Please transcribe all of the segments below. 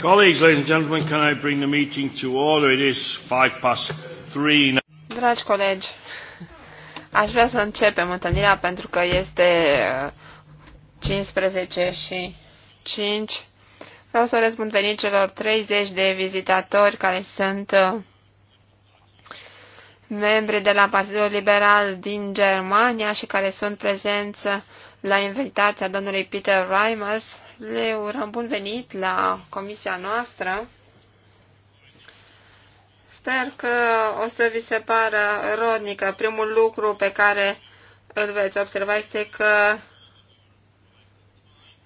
Colleagues, ladies and gentlemen, can I bring the meeting to order? It is five past three. now. Dragi colegi, aș vrea să începem întâlnirea pentru că este 15 uh, și 5. Vreau să răspund venit celor 30 de vizitatori care sunt uh, membri de la Partidul Liberal din Germania și care sunt prezenți la invitația domnului Peter Reimers, le urăm bun venit la comisia noastră. Sper că o să vi se pară rodnică. Primul lucru pe care îl veți observa este că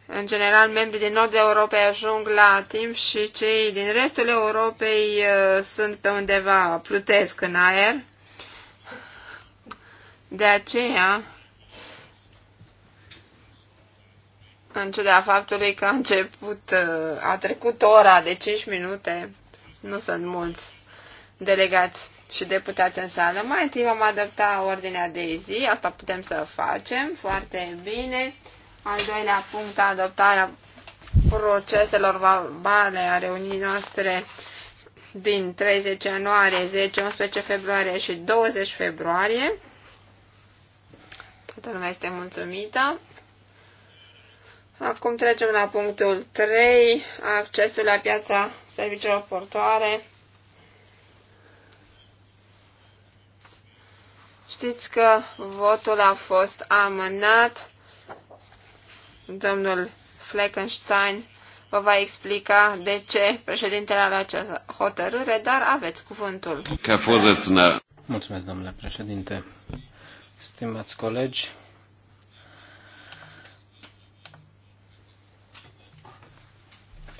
în general, membrii din nordul Europei ajung la timp și cei din restul Europei uh, sunt pe undeva, plutesc în aer. De aceea, în ciuda faptului că a început, uh, a trecut ora de 5 minute, nu sunt mulți delegați și deputați în sală. Mai întâi vom adopta ordinea de zi, asta putem să facem foarte bine. Al doilea punct, adoptarea proceselor verbale a reunii noastre din 30 ianuarie, 10, 11 februarie și 20 februarie. Toată lumea este mulțumită. Acum trecem la punctul 3, accesul la piața serviciilor portoare. Știți că votul a fost amânat. Domnul Fleckenstein vă va explica de ce președintele a luat această hotărâre, dar aveți cuvântul. Mulțumesc, domnule președinte. Stimați colegi,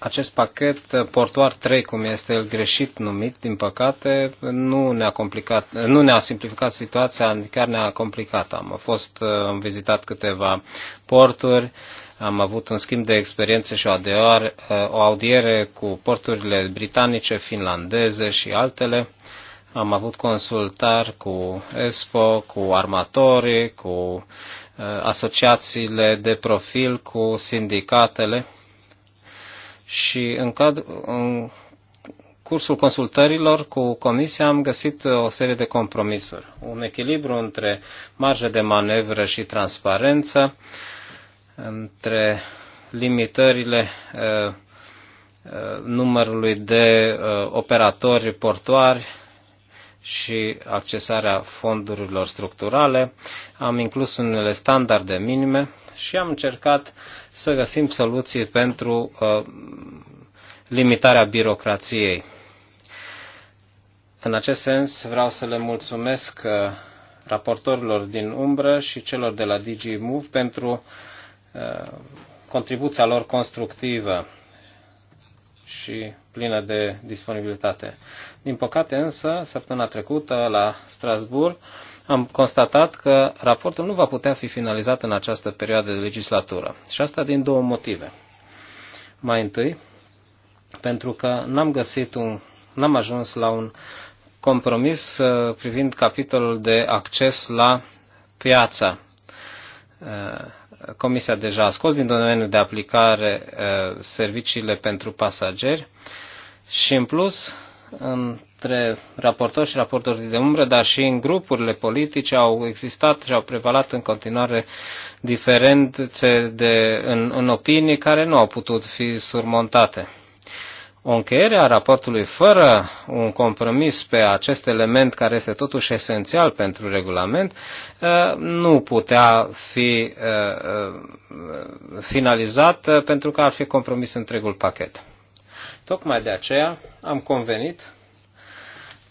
acest pachet eh, portoar 3, cum este el greșit numit, din păcate, nu ne-a, complicat, eh, nu ne-a simplificat situația, chiar ne-a complicat. Am fost, eh, am vizitat câteva porturi, am avut un schimb de experiențe și o, adeoare, o audiere cu porturile britanice, finlandeze și altele. Am avut consultar cu ESPO, cu armatorii, cu asociațiile de profil, cu sindicatele și în, cad, în cursul consultărilor cu Comisia am găsit o serie de compromisuri. Un echilibru între marjă de manevră și transparență, între limitările uh, uh, numărului de uh, operatori portuari și accesarea fondurilor structurale. Am inclus unele standarde minime și am încercat să găsim soluții pentru uh, limitarea birocrației. În acest sens vreau să le mulțumesc uh, raportorilor din umbră și celor de la DG Move pentru uh, contribuția lor constructivă și plină de disponibilitate. Din păcate însă, săptămâna trecută la Strasbourg am constatat că raportul nu va putea fi finalizat în această perioadă de legislatură. Și asta din două motive. Mai întâi, pentru că n-am găsit un, n-am ajuns la un compromis uh, privind capitolul de acces la piața uh, Comisia deja a scos din domeniul de aplicare uh, serviciile pentru pasageri și, în plus, între raportori și raportori de umbră, dar și în grupurile politice au existat și au prevalat în continuare diferențe de, în, în opinii care nu au putut fi surmontate o încheiere a raportului fără un compromis pe acest element care este totuși esențial pentru regulament uh, nu putea fi uh, uh, finalizat pentru că ar fi compromis întregul pachet. Tocmai de aceea am convenit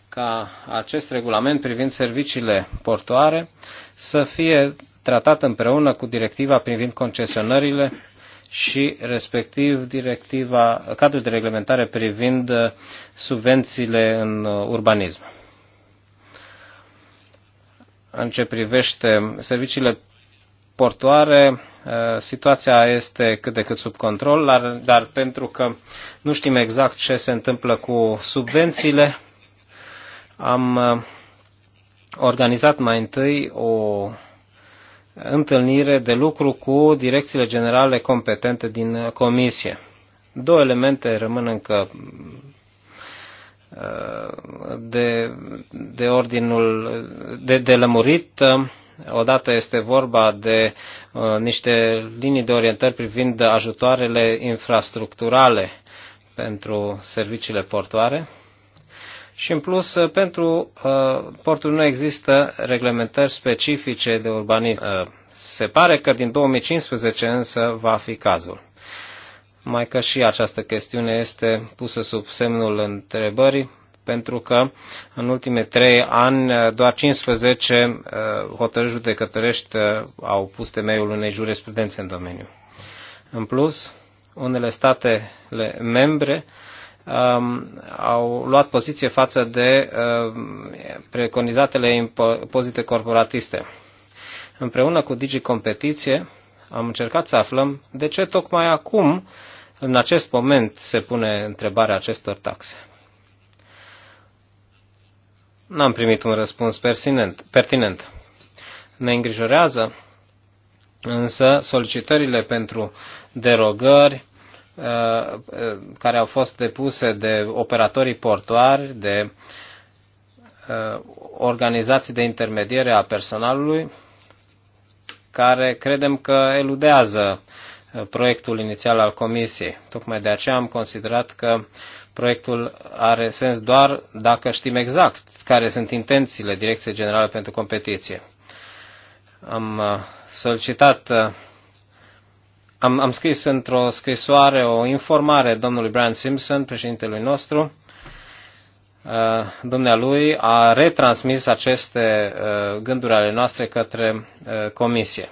ca acest regulament privind serviciile portoare să fie tratat împreună cu directiva privind concesionările și respectiv directiva, cadrul de reglementare privind uh, subvențiile în uh, urbanism. În ce privește serviciile portoare, uh, situația este cât de cât sub control, dar, dar pentru că nu știm exact ce se întâmplă cu subvențiile, am organizat mai întâi o întâlnire de lucru cu direcțiile generale competente din comisie. Două elemente rămân încă uh, de, de ordinul de, de lămurit. Odată este vorba de uh, niște linii de orientări privind ajutoarele infrastructurale pentru serviciile portoare și în plus uh, pentru uh, portul nu există reglementări specifice de urbanism. Uh, se pare că din 2015 însă va fi cazul. Mai că și această chestiune este pusă sub semnul întrebării, pentru că în ultimele trei ani doar 15 hotărâri judecătorești au pus temeiul unei jurisprudențe în domeniu. În plus, unele statele membre uh, Um, au luat poziție față de um, preconizatele impozite corporatiste. Împreună cu Digi Competiție am încercat să aflăm de ce tocmai acum, în acest moment, se pune întrebarea acestor taxe. N-am primit un răspuns pertinent. pertinent. Ne îngrijorează însă solicitările pentru derogări, Uh, care au fost depuse de operatorii portuari, de uh, organizații de intermediere a personalului, care credem că eludează uh, proiectul inițial al Comisiei. Tocmai de aceea am considerat că proiectul are sens doar dacă știm exact care sunt intențiile Direcției Generale pentru Competiție. Am solicitat am, am scris într-o scrisoare o informare domnului Brian Simpson, președintelui nostru. Uh, dumnealui a retransmis aceste uh, gânduri ale noastre către uh, comisie.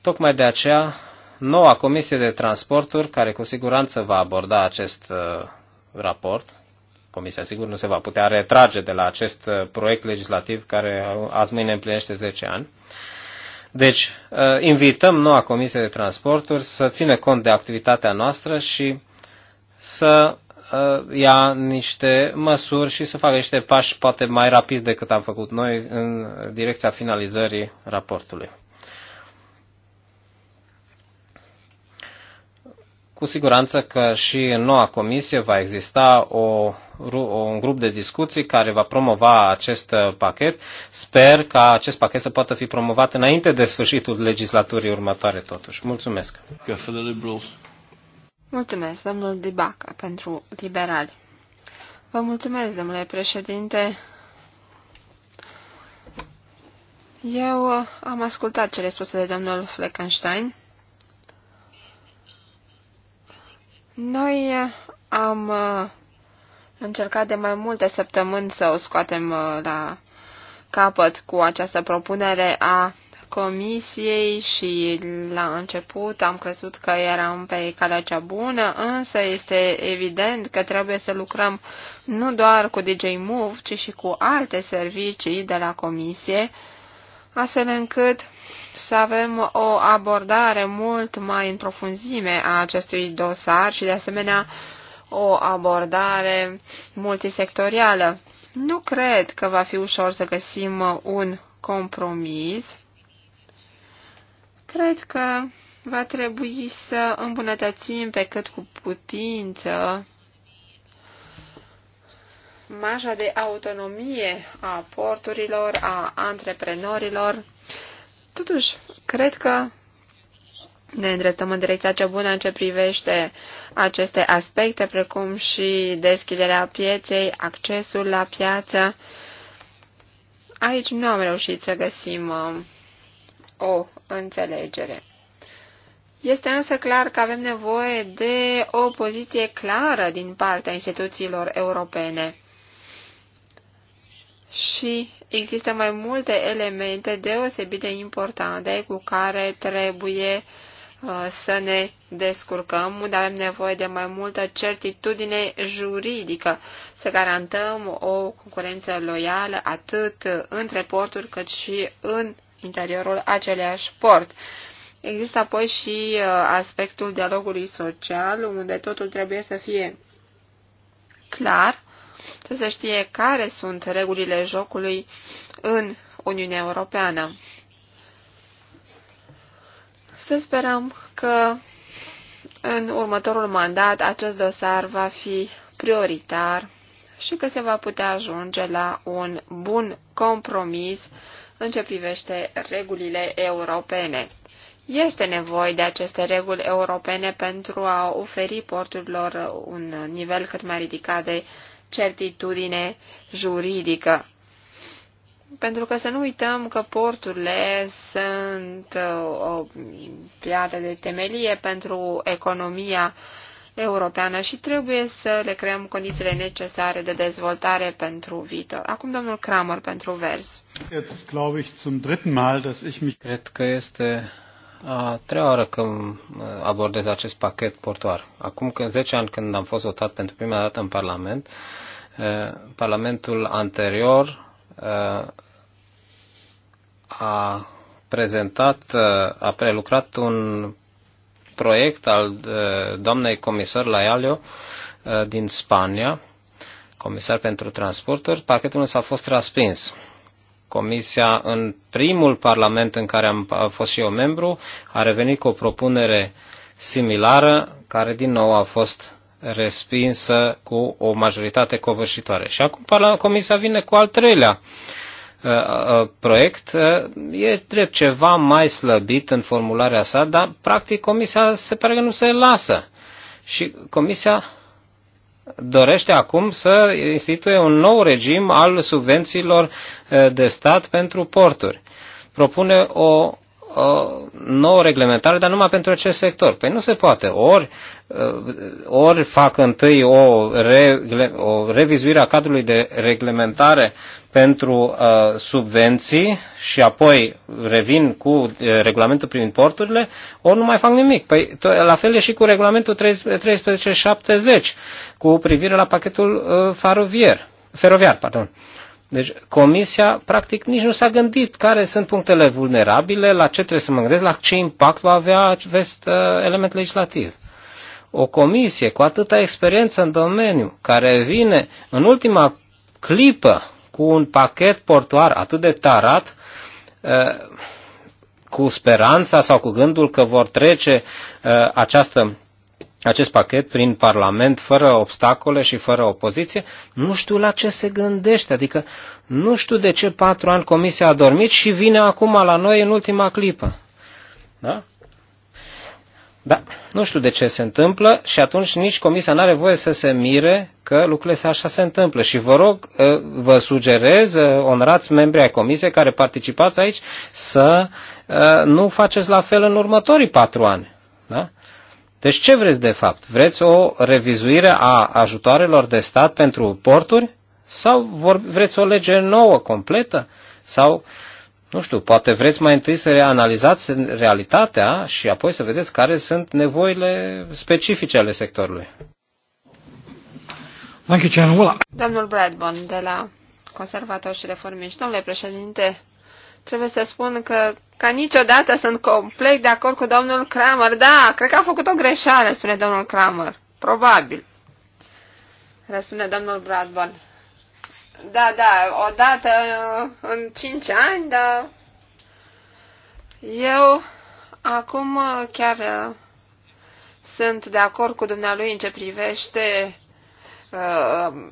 Tocmai de aceea, noua comisie de transporturi, care cu siguranță va aborda acest raport, comisia sigur nu se va putea retrage de la acest proiect legislativ care azi mâine împlinește 10 ani, deci, uh, invităm noua Comisie de Transporturi să țină cont de activitatea noastră și să uh, ia niște măsuri și să facă niște pași poate mai rapizi decât am făcut noi în direcția finalizării raportului. Cu siguranță că și în noua comisie va exista o, un grup de discuții care va promova acest uh, pachet. Sper ca acest pachet să poată fi promovat înainte de sfârșitul legislaturii următoare totuși. Mulțumesc! Mulțumesc, domnul Dibac, pentru liberali. Vă mulțumesc, domnule președinte. Eu uh, am ascultat cele spuse de domnul Fleckenstein Noi eh, am eh, încercat de mai multe săptămâni să o scoatem eh, la capăt cu această propunere a comisiei și la început am crezut că eram pe calea cea bună, însă este evident că trebuie să lucrăm nu doar cu DJ Move, ci și cu alte servicii de la comisie, astfel încât să avem o abordare mult mai în profunzime a acestui dosar și, de asemenea, o abordare multisectorială. Nu cred că va fi ușor să găsim un compromis. Cred că va trebui să îmbunătățim pe cât cu putință marja de autonomie a porturilor, a antreprenorilor. Totuși, cred că ne îndreptăm în direcția cea bună în ce privește aceste aspecte, precum și deschiderea pieței, accesul la piață. Aici nu am reușit să găsim um, o înțelegere. Este însă clar că avem nevoie de o poziție clară din partea instituțiilor europene și există mai multe elemente deosebit de importante cu care trebuie uh, să ne descurcăm, unde avem nevoie de mai multă certitudine juridică, să garantăm o concurență loială atât între porturi cât și în interiorul aceleași port. Există apoi și uh, aspectul dialogului social, unde totul trebuie să fie clar să se știe care sunt regulile jocului în Uniunea Europeană. Să sperăm că în următorul mandat acest dosar va fi prioritar și că se va putea ajunge la un bun compromis în ce privește regulile europene. Este nevoie de aceste reguli europene pentru a oferi porturilor un nivel cât mai ridicat de certitudine juridică. Pentru că să nu uităm că porturile sunt uh, o piatră de temelie pentru economia europeană și trebuie să le creăm condițiile necesare de dezvoltare pentru viitor. Acum domnul Kramer pentru vers. Cred că este a treia oară când uh, abordez acest pachet portuar. Acum când 10 ani când am fost votat pentru prima dată în Parlament, uh, Parlamentul anterior uh, a prezentat, a prelucrat un proiect al doamnei comisar Laialio din Spania, comisar pentru transporturi, pachetul însă a fost respins. Comisia, în primul parlament în care am fost și eu membru, a revenit cu o propunere similară, care din nou a fost respinsă cu o majoritate covârșitoare. Și acum Comisia vine cu al treilea uh, uh, proiect. Uh, e drept ceva mai slăbit în formularea sa, dar practic Comisia se pare că nu se lasă. Și Comisia dorește acum să instituie un nou regim al subvențiilor eh, de stat pentru porturi. Propune o nouă reglementare, dar numai pentru acest sector. Păi nu se poate. Ori, uh, ori fac întâi o, regle, o revizuire a cadrului de reglementare pentru uh, subvenții și apoi revin cu uh, regulamentul privind porturile, ori nu mai fac nimic. Păi, la fel e și cu regulamentul 1370 cu privire la pachetul uh, feroviar. feroviar pardon. Uh, deci comisia practic nici nu s-a gândit care sunt punctele vulnerabile, la ce trebuie să mă gândesc, la ce impact va avea acest uh, element legislativ. O comisie cu atâta experiență în domeniu, care vine în ultima clipă cu un pachet portuar atât de tarat, uh, cu speranța sau cu gândul că vor trece uh, această acest pachet prin Parlament, fără obstacole și fără opoziție, nu știu la ce se gândește. Adică nu știu de ce patru ani Comisia a dormit și vine acum la noi în ultima clipă. Da? Da, nu știu de ce se întâmplă și atunci nici comisia nu are voie să se mire că lucrurile așa se întâmplă. Și vă rog, ă, vă sugerez, ă, onrați membrii ai comisiei care participați aici, să ă, nu faceți la fel în următorii patru ani. Da? Deci ce vreți de fapt? Vreți o revizuire a ajutoarelor de stat pentru porturi? Sau vor, vreți o lege nouă, completă? Sau, nu știu, poate vreți mai întâi să reanalizați realitatea și apoi să vedeți care sunt nevoile specifice ale sectorului. Domnul Bradbon de la Conservator și Reformiști. Domnule președinte, Trebuie să spun că ca niciodată sunt complet de acord cu domnul Kramer. Da, cred că a făcut o greșeală, spune domnul Kramer. Probabil. Răspunde domnul Bradburn. Da, da, odată în cinci ani, dar eu acum chiar uh, sunt de acord cu dumnealui în ce privește uh,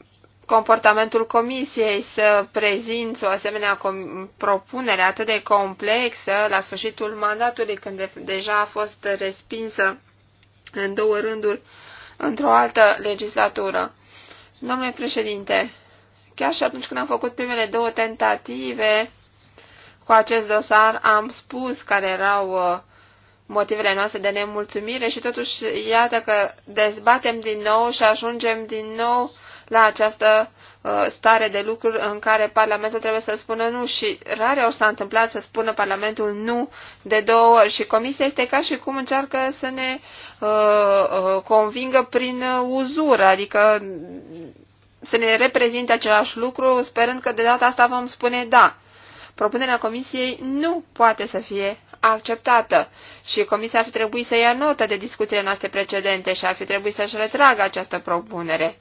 comportamentul comisiei să prezinți o asemenea propunere atât de complexă la sfârșitul mandatului, când de deja a fost respinsă în două rânduri într-o altă legislatură. Domnule președinte, chiar și atunci când am făcut primele două tentative cu acest dosar, am spus care erau uh, motivele noastre de nemulțumire și totuși iată că dezbatem din nou și ajungem din nou la această uh, stare de lucruri în care Parlamentul trebuie să spună nu și rare ori s-a întâmplat să spună Parlamentul nu de două ori și Comisia este ca și cum încearcă să ne uh, uh, convingă prin uzură, adică să ne reprezinte același lucru sperând că de data asta vom spune da. Propunerea Comisiei nu poate să fie acceptată și Comisia ar fi trebuit să ia notă de discuțiile noastre precedente și ar fi trebuit să-și retragă această propunere.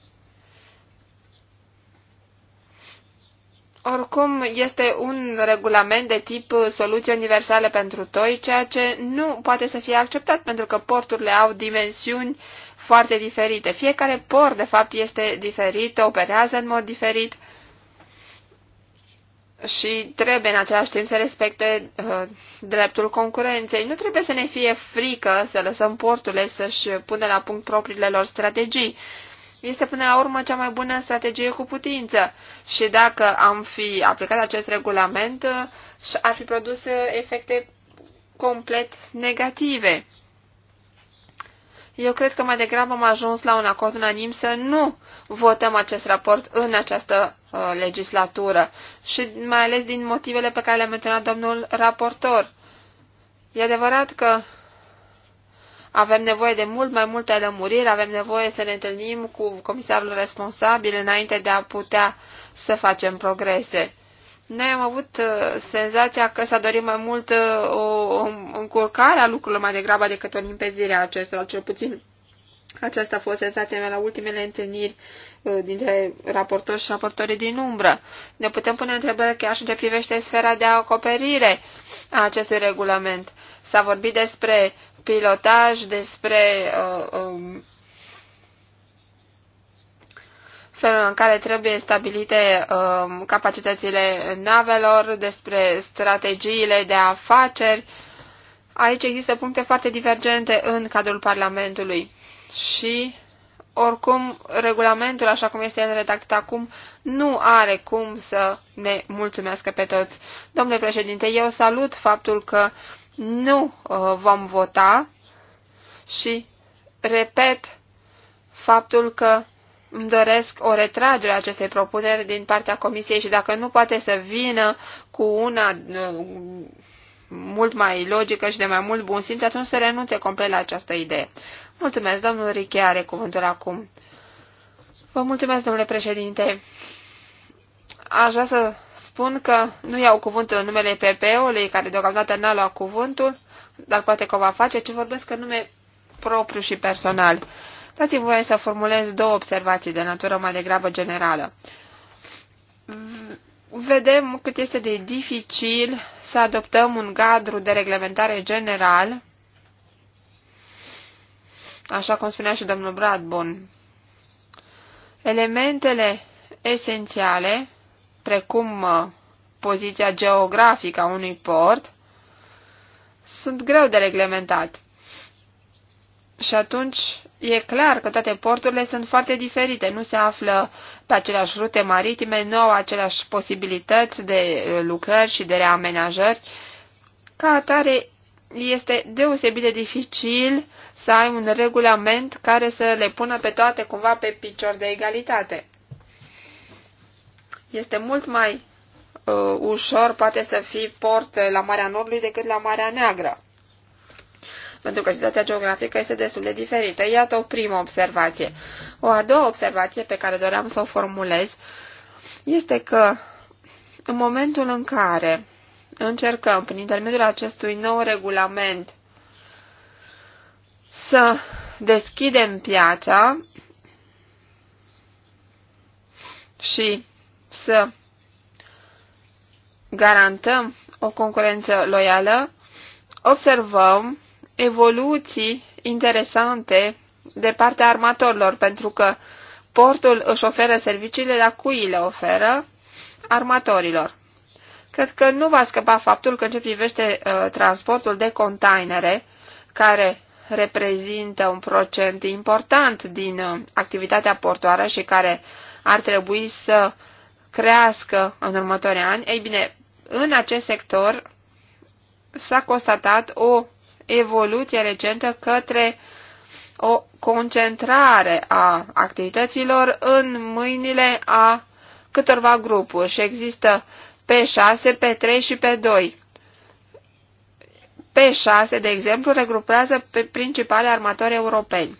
Oricum, este un regulament de tip soluție universală pentru toi, ceea ce nu poate să fie acceptat pentru că porturile au dimensiuni foarte diferite. Fiecare port, de fapt, este diferit, operează în mod diferit și trebuie în același timp să respecte uh, dreptul concurenței. Nu trebuie să ne fie frică să lăsăm porturile să-și pună la punct propriile lor strategii este până la urmă cea mai bună strategie cu putință și dacă am fi aplicat acest regulament, ar fi produs efecte complet negative. Eu cred că mai degrabă am ajuns la un acord unanim să nu votăm acest raport în această uh, legislatură și mai ales din motivele pe care le-a menționat domnul raportor. E adevărat că avem nevoie de mult mai multe lămuriri, avem nevoie să ne întâlnim cu comisarul responsabil înainte de a putea să facem progrese. Noi am avut uh, senzația că s-a dorit mai mult uh, o încurcare a lucrurilor mai degrabă decât o limpezire a acestora, cel puțin aceasta a fost senzația mea la ultimele întâlniri uh, dintre raportori și raportorii din umbră. Ne putem pune întrebări chiar și ce privește sfera de acoperire a acestui regulament. S-a vorbit despre pilotaj, despre uh, um, felul în care trebuie stabilite um, capacitățile navelor, despre strategiile de afaceri. Aici există puncte foarte divergente în cadrul Parlamentului și, oricum, regulamentul, așa cum este el redactat acum, nu are cum să ne mulțumească pe toți. Domnule președinte, eu salut faptul că nu uh, vom vota și repet faptul că îmi doresc o retragere a acestei propuneri din partea comisiei și dacă nu poate să vină cu una uh, mult mai logică și de mai mult bun simț, atunci să renunțe complet la această idee. Mulțumesc, domnul Riche are cuvântul acum. Vă mulțumesc, domnule președinte. Aș vrea să spun că nu iau cuvântul în numele PP-ului, care deocamdată n-a luat cuvântul, dar poate că o va face, ci vorbesc în nume propriu și personal. Dați-mi voie să formulez două observații de natură mai degrabă generală. Vedem cât este de dificil să adoptăm un cadru de reglementare general, așa cum spunea și domnul Bradbun. Elementele esențiale precum uh, poziția geografică a unui port, sunt greu de reglementat. Și atunci e clar că toate porturile sunt foarte diferite, nu se află pe aceleași rute maritime, nu au aceleași posibilități de uh, lucrări și de reamenajări. Ca atare, este deosebit de dificil să ai un regulament care să le pună pe toate cumva pe picior de egalitate. Este mult mai uh, ușor, poate să fii port la Marea Nordului decât la Marea Neagră. Pentru că situația geografică este destul de diferită. Iată o primă observație. O a doua observație pe care doream să o formulez este că în momentul în care încercăm, prin intermediul acestui nou regulament, să deschidem piața și să garantăm o concurență loială, observăm evoluții interesante de partea armatorilor, pentru că portul își oferă serviciile, dar cui le oferă? Armatorilor. Cred că nu va scăpa faptul că în ce privește uh, transportul de containere, care reprezintă un procent important din uh, activitatea portoară și care ar trebui să uh, crească în următorii ani, ei bine, în acest sector s-a constatat o evoluție recentă către o concentrare a activităților în mâinile a câtorva grupuri și există P6, P3 și P2. P6, de exemplu, regrupează pe principale armatori europeni.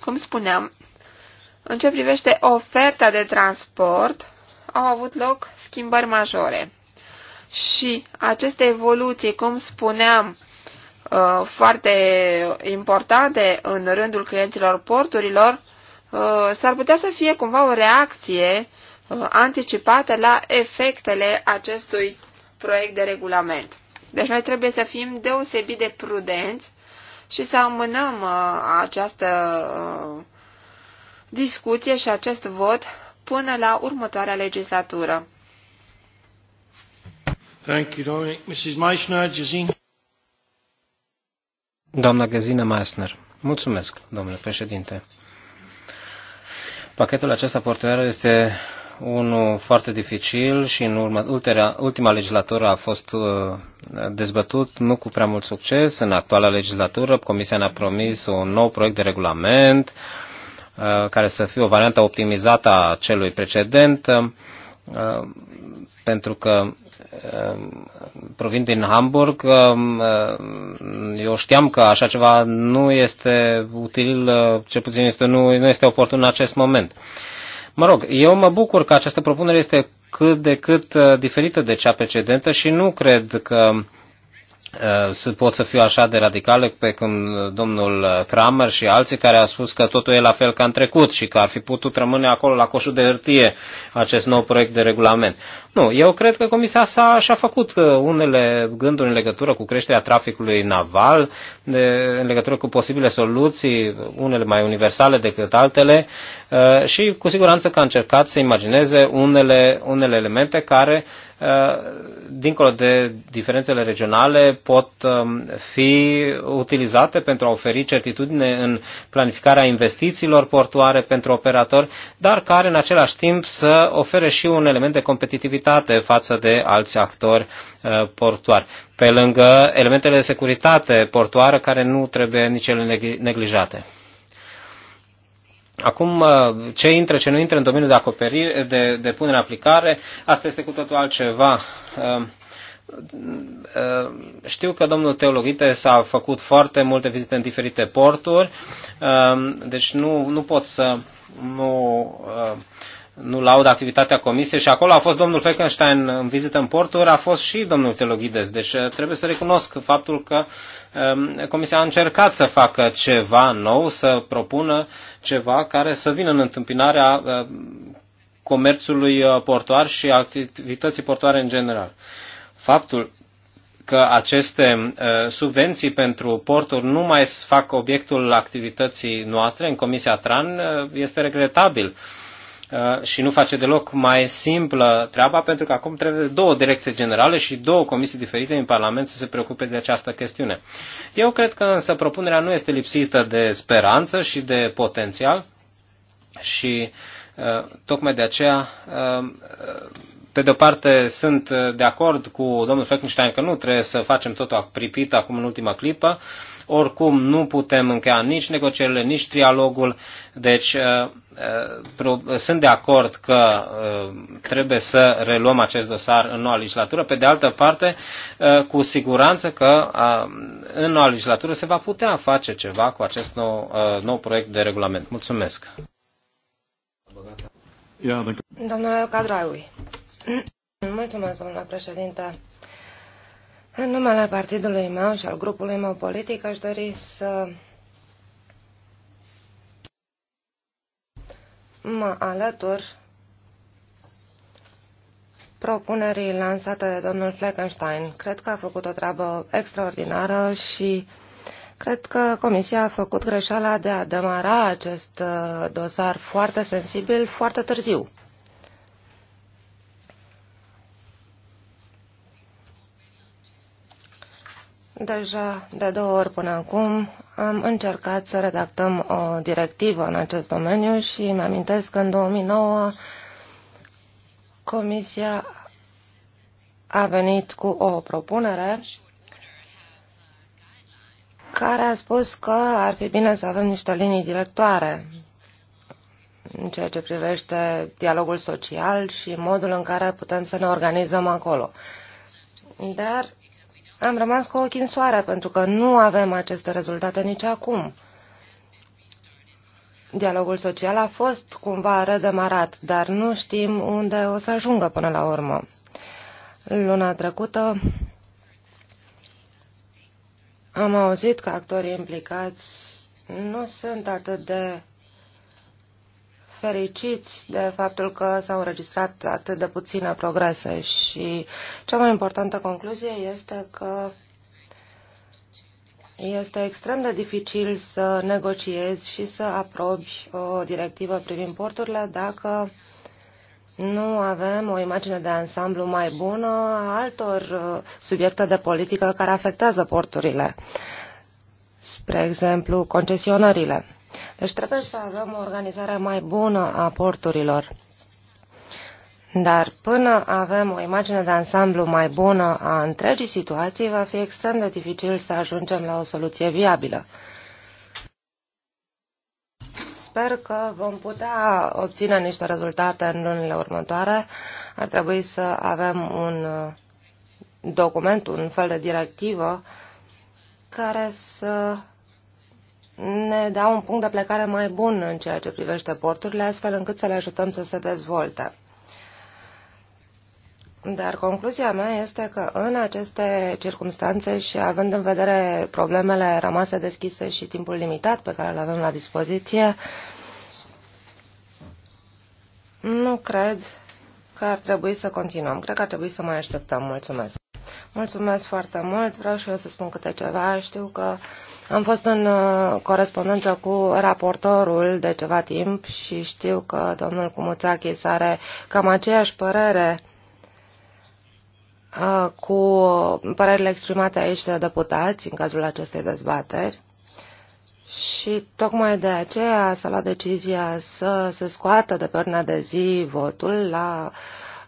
Cum spuneam, în ce privește oferta de transport, au avut loc schimbări majore. Și aceste evoluții, cum spuneam, uh, foarte importante în rândul clienților porturilor, uh, s-ar putea să fie cumva o reacție uh, anticipată la efectele acestui proiect de regulament. Deci noi trebuie să fim deosebit de prudenți și să amânăm această discuție și acest vot până la următoarea legislatură. Thank you, Mrs. Meissner, Doamna Găzină Meissner. Mulțumesc, domnule președinte. Pachetul acesta portuar este unul foarte dificil și în urmă, ulterea, ultima legislatură a fost uh, dezbătut, nu cu prea mult succes. În actuala legislatură, Comisia ne-a promis un nou proiect de regulament, Uh, care să fie o variantă optimizată a celui precedent, uh, pentru că uh, provin din Hamburg, eu știam că așa ceva nu este util, cel puțin este, nu, nu este oportun în acest moment. Mă rog, eu mă bucur că această propunere este cât de cât diferită de cea precedentă și nu cred că Uh, pot să fiu așa de radicale pe când domnul Kramer și alții care au spus că totul e la fel ca în trecut și că ar fi putut rămâne acolo la coșul de hârtie acest nou proiect de regulament. Nu, eu cred că Comisia s-a, și-a făcut uh, unele gânduri în legătură cu creșterea traficului naval, de, în legătură cu posibile soluții, unele mai universale decât altele, uh, și cu siguranță că a încercat să imagineze unele, unele elemente care, uh, dincolo de diferențele regionale, pot um, fi utilizate pentru a oferi certitudine în planificarea investițiilor portoare pentru operatori, dar care în același timp să ofere și un element de competitivitate securitate față de alți actori uh, portuari. Pe lângă elementele de securitate portuară care nu trebuie nici ele neglijate. Acum, uh, ce intră, ce nu intră în domeniul de acoperire, de, de punere în aplicare, asta este cu totul altceva. Uh, știu că domnul Teologite s-a făcut foarte multe vizite în diferite porturi, deci nu, nu pot să nu nu laud activitatea comisiei și acolo a fost domnul Feckenstein în vizită în porturi, a fost și domnul Teloghides. Deci eh, trebuie să recunosc faptul că ehm, comisia a încercat să facă ceva nou, să propună ceva care să vină în întâmpinarea ehm, comerțului eh, portuar și activității portoare în general. Faptul că aceste eh, subvenții pentru porturi nu mai fac obiectul activității noastre în Comisia TRAN este regretabil Uh, și nu face deloc mai simplă treaba, pentru că acum trebuie două direcții generale și două comisii diferite în Parlament să se preocupe de această chestiune. Eu cred că însă propunerea nu este lipsită de speranță și de potențial și uh, tocmai de aceea uh, pe de o parte, sunt uh, de acord cu domnul Fleckenstein că nu trebuie să facem totul pripit acum în ultima clipă. Oricum, nu putem încheia nici negocierile, nici trialogul. Deci, uh, uh, sunt de acord că trebuie să reluăm acest dosar în noua legislatură. Pe de altă parte, cu siguranță că în noua legislatură se va putea face ceva cu acest nou, nou proiect de regulament. Mulțumesc! Domnule Cadraui. Mulțumesc, domnule președinte. În numele partidului meu și al grupului meu politic aș dori să mă alătur propunerii lansate de domnul Fleckenstein. Cred că a făcut o treabă extraordinară și cred că Comisia a făcut greșeala de a demara acest uh, dosar foarte sensibil foarte târziu. Deja de două ori până acum am încercat să redactăm o directivă în acest domeniu și îmi amintesc că în 2009 Comisia a venit cu o propunere care a spus că ar fi bine să avem niște linii directoare în ceea ce privește dialogul social și modul în care putem să ne organizăm acolo. Dar am rămas cu ochii în soare pentru că nu avem aceste rezultate nici acum. Dialogul social a fost cumva redemarat, dar nu știm unde o să ajungă până la urmă. Luna trecută am auzit că actorii implicați nu sunt atât de fericiți de faptul că s-au înregistrat atât de puține progrese și cea mai importantă concluzie este că este extrem de dificil să negociezi și să aprobi o directivă privind porturile dacă nu avem o imagine de ansamblu mai bună a altor uh, subiecte de politică care afectează porturile, spre exemplu concesionările. Deci trebuie să avem o organizare mai bună a porturilor. Dar până avem o imagine de ansamblu mai bună a întregii situații, va fi extrem de dificil să ajungem la o soluție viabilă. Sper că vom putea obține niște rezultate în lunile următoare. Ar trebui să avem un document, un fel de directivă care să ne dau un punct de plecare mai bun în ceea ce privește porturile, astfel încât să le ajutăm să se dezvolte. Dar concluzia mea este că în aceste circunstanțe și având în vedere problemele rămase deschise și timpul limitat pe care îl avem la dispoziție, nu cred că ar trebui să continuăm. Cred că ar trebui să mai așteptăm. Mulțumesc. Mulțumesc foarte mult. Vreau și eu să spun câte ceva. Știu că am fost în uh, corespondență cu raportorul de ceva timp și știu că domnul Cumuțachis are cam aceeași părere uh, cu părerile exprimate aici de deputați în cazul acestei dezbateri. Și tocmai de aceea s-a luat decizia să se scoată de pe de zi votul la uh,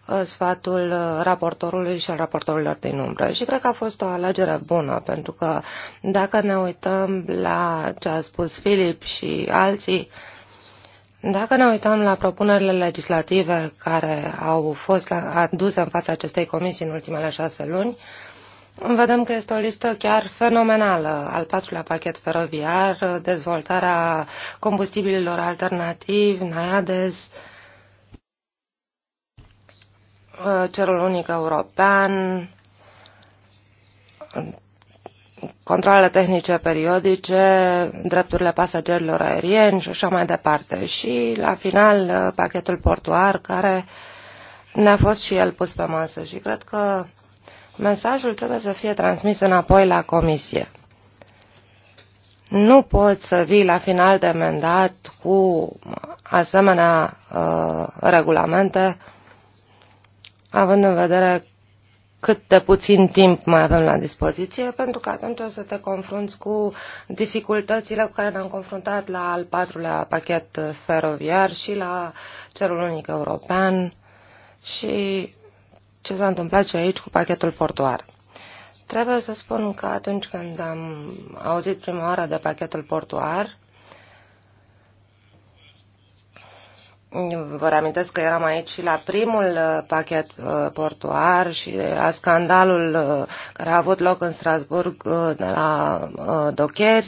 Uh, sfatul uh, raportorului și al raportorilor din umbră. Și cred că a fost o alegere bună, pentru că dacă ne uităm la ce a spus Filip și alții, dacă ne uităm la propunerile legislative care au fost aduse în fața acestei comisii în ultimele șase luni, vedem că este o listă chiar fenomenală. Al patrulea pachet feroviar, dezvoltarea combustibililor alternativi, NAIADES, uh, Uh, cerul unic european, controlele tehnice periodice, drepturile pasagerilor aerieni și așa mai departe. Și la final uh, pachetul portuar care ne-a fost și el pus pe masă și cred că mesajul trebuie să fie transmis înapoi la comisie. Nu poți să vii la final de mandat cu asemenea uh, regulamente având în vedere cât de puțin timp mai avem la dispoziție, pentru că atunci o să te confrunți cu dificultățile cu care ne-am confruntat la al patrulea pachet feroviar și la cerul unic european și ce s-a întâmplat și aici cu pachetul portuar. Trebuie să spun că atunci când am auzit prima oară de pachetul portuar, Vă reamintesc că eram aici și la primul uh, pachet uh, portuar și la scandalul uh, care a avut loc în Strasburg de la Docher.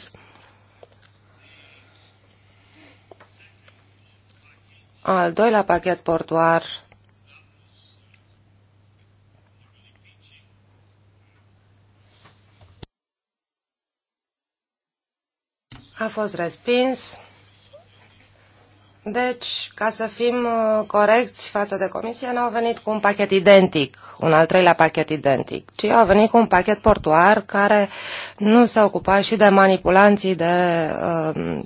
Al doilea pachet portuar a fost respins. Deci, ca să fim uh, corecți față de comisie, nu au venit cu un pachet identic, un al treilea pachet identic, ci au venit cu un pachet portuar care nu s-a ocupat și de manipulanții de uh,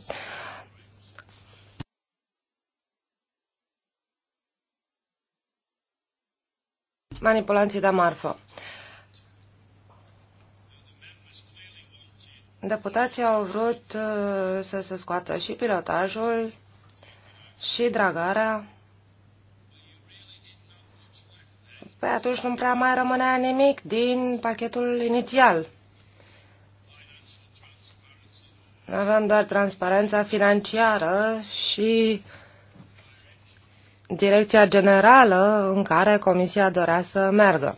manipulanții de marfă. Deputații au vrut uh, să se scoată și pilotajul, și dragarea, pe atunci nu prea mai rămânea nimic din pachetul inițial. Aveam doar transparența financiară și direcția generală în care Comisia dorea să meargă.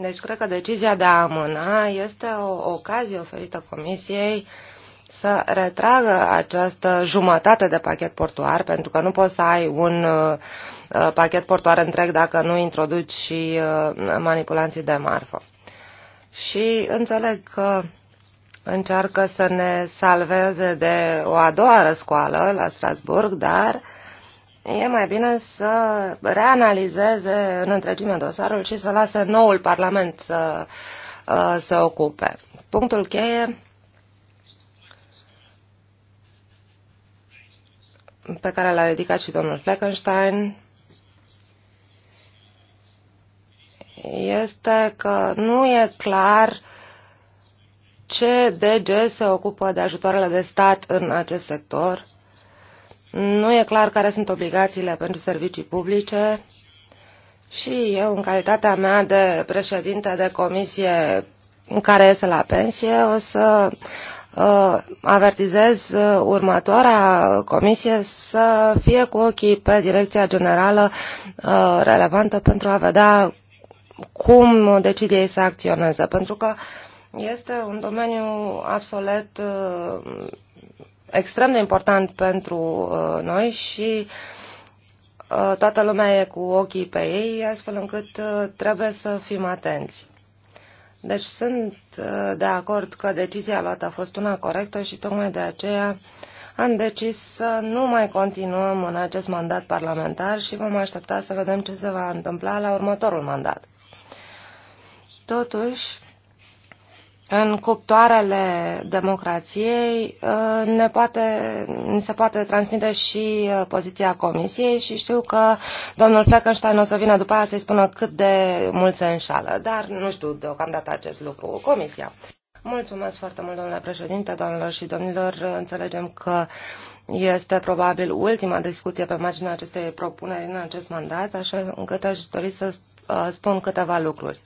Deci cred că decizia de a amâna este o ocazie oferită Comisiei uh, să retragă această jumătate de pachet portuar, pentru că nu poți să ai un uh, uh, pachet portuar întreg dacă nu introduci și uh, manipulanții de marfă. Și înțeleg că încearcă să ne salveze de o a doua răscoală la Strasburg, dar e mai bine să reanalizeze în întregime dosarul și să lase noul Parlament să se ocupe. Punctul cheie pe care l-a ridicat și domnul Fleckenstein este că nu e clar ce DG se ocupă de ajutoarele de stat în acest sector. Nu e clar care sunt obligațiile pentru servicii publice și eu, în calitatea mea de președinte de comisie în care iese la pensie, o să Uh, avertizez uh, următoarea comisie să fie cu ochii pe direcția generală uh, relevantă pentru a vedea cum decid ei să acționeze, pentru că este un domeniu absolut extrem de important pentru noi și toată lumea e cu ochii pe ei, astfel încât trebuie să fim atenți. Deci sunt uh, de acord că decizia luată a fost una corectă și tocmai de aceea am decis să nu mai continuăm în acest mandat parlamentar și vom aștepta să vedem ce se va întâmpla la următorul mandat. Totuși, în cuptoarele democrației uh, ne poate, ni se poate transmite și uh, poziția Comisiei și știu că domnul Fleckenstein o să vină după aia să-i spună cât de mult se înșală, dar nu știu deocamdată acest lucru. Comisia. Mulțumesc foarte mult, domnule președinte, doamnelor și domnilor. Înțelegem că este probabil ultima discuție pe marginea acestei propuneri în acest mandat, așa încât aș dori să Uh, spun câteva lucruri.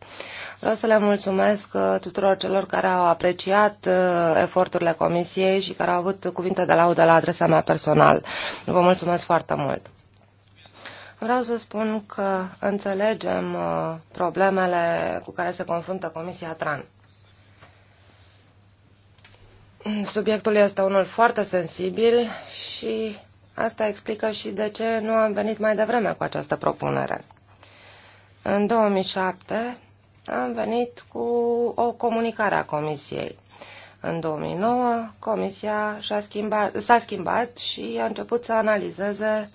Vreau să le mulțumesc uh, tuturor celor care au apreciat uh, eforturile Comisiei și care au avut cuvinte de laudă la adresa mea personal. Vă mulțumesc foarte mult! Vreau să spun că înțelegem problemele cu care se confruntă Comisia TRAN. Subiectul este unul foarte sensibil și asta explică și de ce nu am venit mai devreme cu această propunere. În 2007 am venit cu o comunicare a Comisiei. În 2009 Comisia s-a schimbat, schimbat și a început să analizeze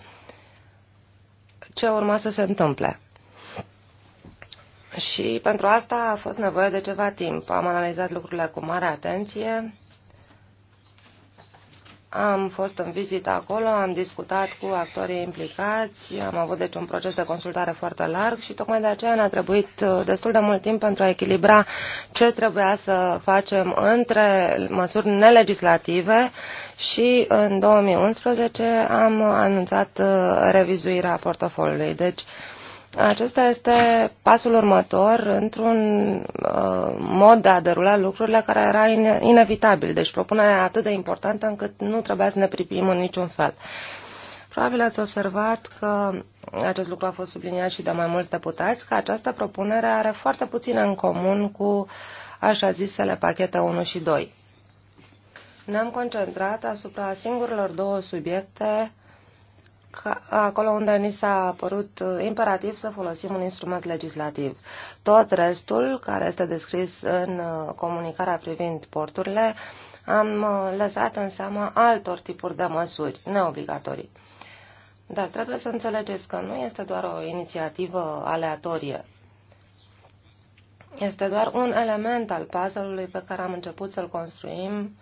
ce urma să se întâmple. Și pentru asta a fost nevoie de ceva timp. Am analizat lucrurile cu mare atenție am fost în vizită acolo, am discutat cu actorii implicați, am avut deci un proces de consultare foarte larg și tocmai de aceea ne-a trebuit uh, destul de mult timp pentru a echilibra ce trebuia să facem între măsuri nelegislative și în 2011 am anunțat uh, revizuirea portofoliului. Deci, acesta este pasul următor într-un uh, mod de a derula lucrurile care era in, inevitabil. Deci propunerea atât de importantă încât nu trebuia să ne pripim în niciun fel. Probabil ați observat că acest lucru a fost subliniat și de mai mulți deputați, că această propunere are foarte puțin în comun cu așa zisele pachete 1 și 2. Ne-am concentrat asupra singurilor două subiecte acolo unde ni s-a părut uh, imperativ să folosim un instrument legislativ. Tot restul, care este descris în uh, comunicarea privind porturile, am uh, lăsat în seama altor tipuri de măsuri neobligatorii. Dar trebuie să înțelegeți că nu este doar o inițiativă aleatorie. Este doar un element al puzzle-ului pe care am început să-l construim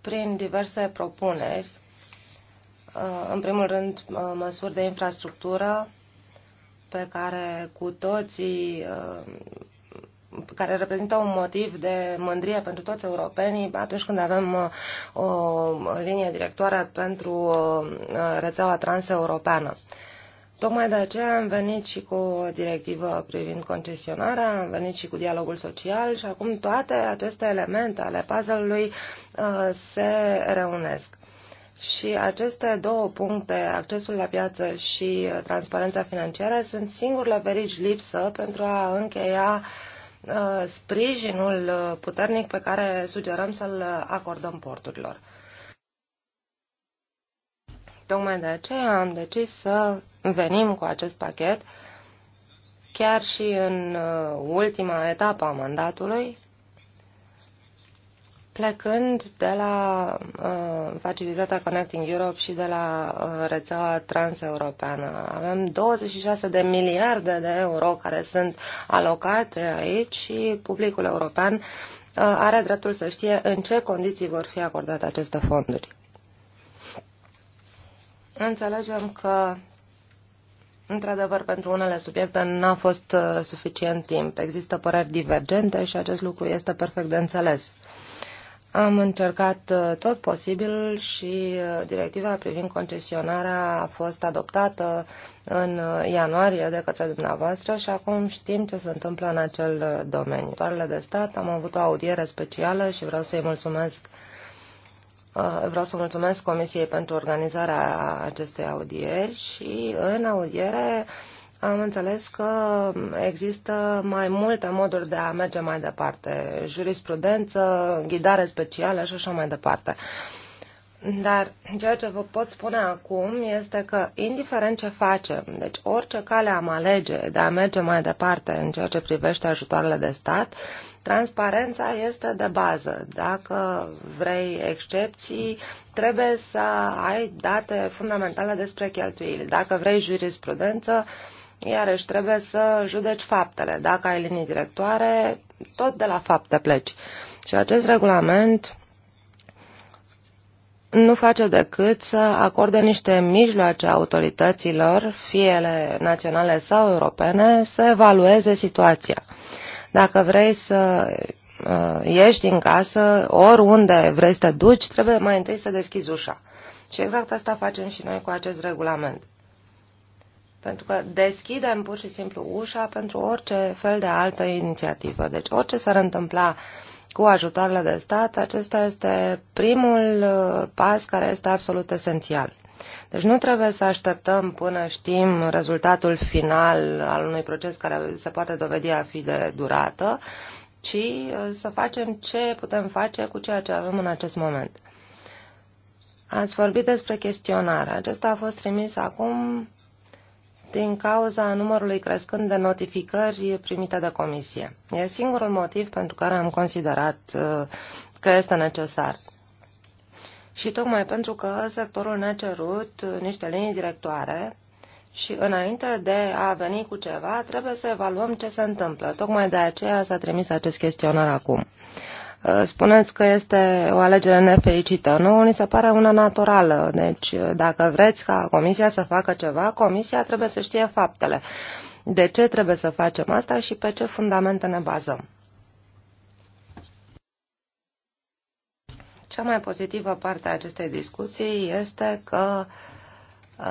prin diverse propuneri Uh, în primul rând, uh, măsuri de infrastructură pe care cu toții, uh, care reprezintă un motiv de mândrie pentru toți europenii atunci când avem o linie directoare pentru rețeaua transeuropeană. Tocmai de aceea am venit și cu o directivă privind concesionarea, am venit și cu dialogul social și acum toate aceste elemente ale puzzle-ului se reunesc. Și aceste două puncte, accesul la piață și uh, transparența financiară, sunt singurele verigi lipsă pentru a încheia uh, sprijinul uh, puternic pe care sugerăm să-l acordăm porturilor. Tocmai de aceea am decis să venim cu acest pachet chiar și în ultima etapă a mandatului, Plecând de la uh, facilitatea Connecting Europe și de la uh, rețeaua transeuropeană, avem 26 de miliarde de euro care sunt alocate aici și publicul european uh, are dreptul să știe în ce condiții vor fi acordate aceste fonduri. Înțelegem că Într-adevăr, pentru unele subiecte n-a fost uh, suficient timp. Există păreri divergente și acest lucru este perfect de înțeles. Uh, am încercat uh, tot posibil și uh, directiva privind concesionarea a fost adoptată în uh, ianuarie de către dumneavoastră și acum știm ce se întâmplă în acel domeniu. Doarele de stat, am avut o audiere specială și vreau să-i mulțumesc Vreau să mulțumesc Comisiei pentru organizarea acestei audieri și în audiere am înțeles că există mai multe moduri de a merge mai departe, jurisprudență, ghidare specială și așa mai departe. Dar ceea ce vă pot spune acum este că, indiferent ce facem, deci orice cale am alege de a merge mai departe în ceea ce privește ajutoarele de stat, transparența este de bază. Dacă vrei excepții, trebuie să ai date fundamentale despre cheltuieli. Dacă vrei jurisprudență, uh, Iarăși trebuie să judeci faptele. Dacă ai linii directoare, tot de la fapte pleci. Și acest regulament nu face decât să acorde niște mijloace autorităților, fie ele naționale sau europene, să evalueze situația. Dacă vrei să uh, ieși din casă, oriunde vrei să te duci, trebuie mai întâi să deschizi ușa. Și exact asta facem și noi cu acest regulament. Pentru că deschidem pur și simplu ușa pentru orice fel de altă inițiativă. Deci orice s-ar întâmpla cu ajutoarele de stat, acesta este primul uh, pas care este absolut esențial. Deci nu trebuie să așteptăm până știm rezultatul final al unui proces care se poate dovedi a fi de durată, ci uh, să facem ce putem face cu ceea ce avem în acest moment. Ați vorbit despre chestionare. Acesta a fost trimis acum din cauza numărului crescând de notificări primite de comisie. E singurul motiv pentru care am considerat uh, că este necesar. Și tocmai pentru că sectorul ne-a cerut uh, niște linii directoare și înainte de a veni cu ceva, trebuie să evaluăm ce se întâmplă. Tocmai de aceea s-a trimis acest chestionar acum. Uh, spuneți că este o alegere nefericită. Nu ni se pare una naturală. Deci, uh, dacă vreți ca Comisia să facă ceva, Comisia trebuie să știe faptele. De ce trebuie să facem asta și pe ce fundamente ne bazăm? Cea mai pozitivă parte a acestei discuții este că uh, Uh,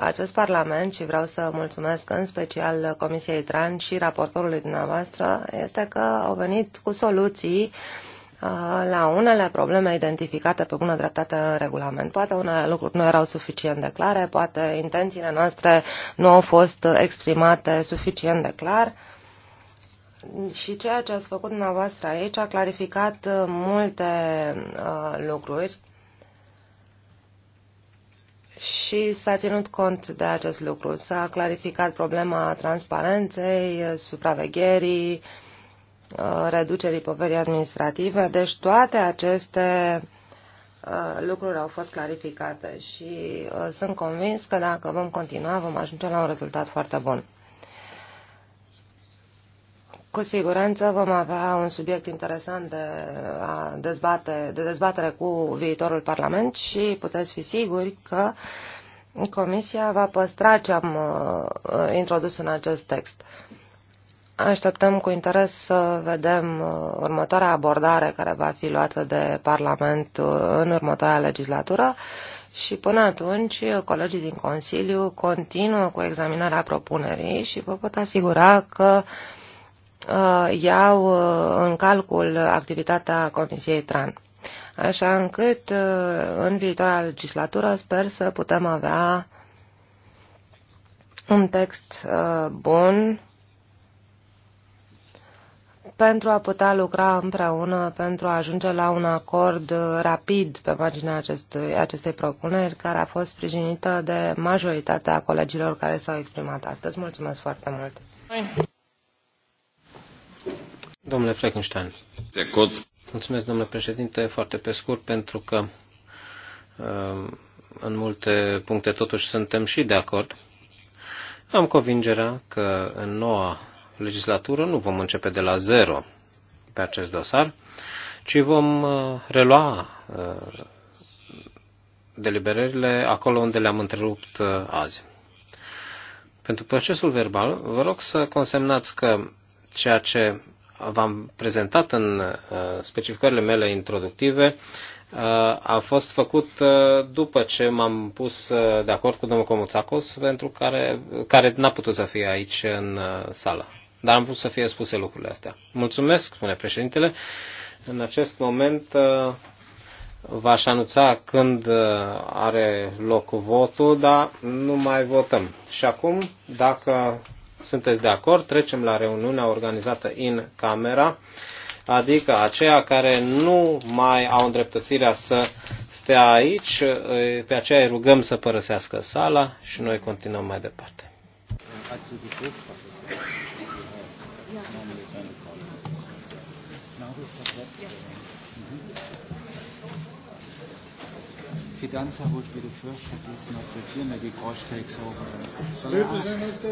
acest Parlament și vreau să mulțumesc în special Comisiei Tran și raportorului dumneavoastră este că au venit cu soluții uh, la unele probleme identificate pe bună dreptate în regulament. Poate unele lucruri nu erau suficient de clare, poate intențiile noastre nu au fost exprimate suficient de clar. Și ceea ce ați făcut dumneavoastră aici a clarificat multe uh, lucruri și s-a ținut cont de acest lucru. S-a clarificat problema transparenței, supravegherii, uh, reducerii poverii administrative, deci toate aceste uh, lucruri au fost clarificate și uh, sunt convins că dacă vom continua vom ajunge la un rezultat foarte bun. Cu siguranță vom avea un subiect interesant de, a dezbate, de dezbatere cu viitorul Parlament și puteți fi siguri că Comisia va păstra ce am uh, introdus în acest text. Așteptăm cu interes să vedem uh, următoarea abordare care va fi luată de Parlament uh, în următoarea legislatură și până atunci uh, colegii din Consiliu continuă cu examinarea propunerii și vă pot asigura că uh, Uh, iau uh, în calcul activitatea Comisiei TRAN. Așa încât uh, în viitoarea legislatură sper să putem avea un text bun pentru a putea lucra împreună, pentru a ajunge la un acord rapid pe marginea acestui, acestei propuneri, care a fost sprijinită de majoritatea colegilor care s-au exprimat astăzi. Mulțumesc foarte mult! Domnule Fleckenstein. Mulțumesc, domnule președinte, foarte pe scurt, pentru că uh, în multe puncte totuși suntem și de acord. Am convingerea că în noua legislatură nu vom începe de la zero pe acest dosar, ci vom uh, relua uh, deliberările acolo unde le-am întrerupt azi. Pentru procesul verbal, vă rog să consemnați că ceea ce v-am prezentat în uh, specificările mele introductive uh, a fost făcut uh, după ce m-am pus de acord cu domnul Comuțacos, pentru care, care n-a putut să fie aici în sală. Dar am vrut să fie spuse lucrurile astea. Mulțumesc, spune președintele. În acest moment v-aș anunța când are loc votul, dar nu mai votăm. Și acum, dacă sunteți de acord? Trecem la reuniunea organizată în camera, adică aceia care nu mai au îndreptățirea să stea aici, eh, pe aceea îi rugăm să părăsească sala și noi continuăm mai departe. Fidanza would be the first to this not to appear. Maybe Grosch takes over. Shall er I ask? Er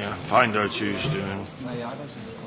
ja, fine, that's da you doing. Naja, das ist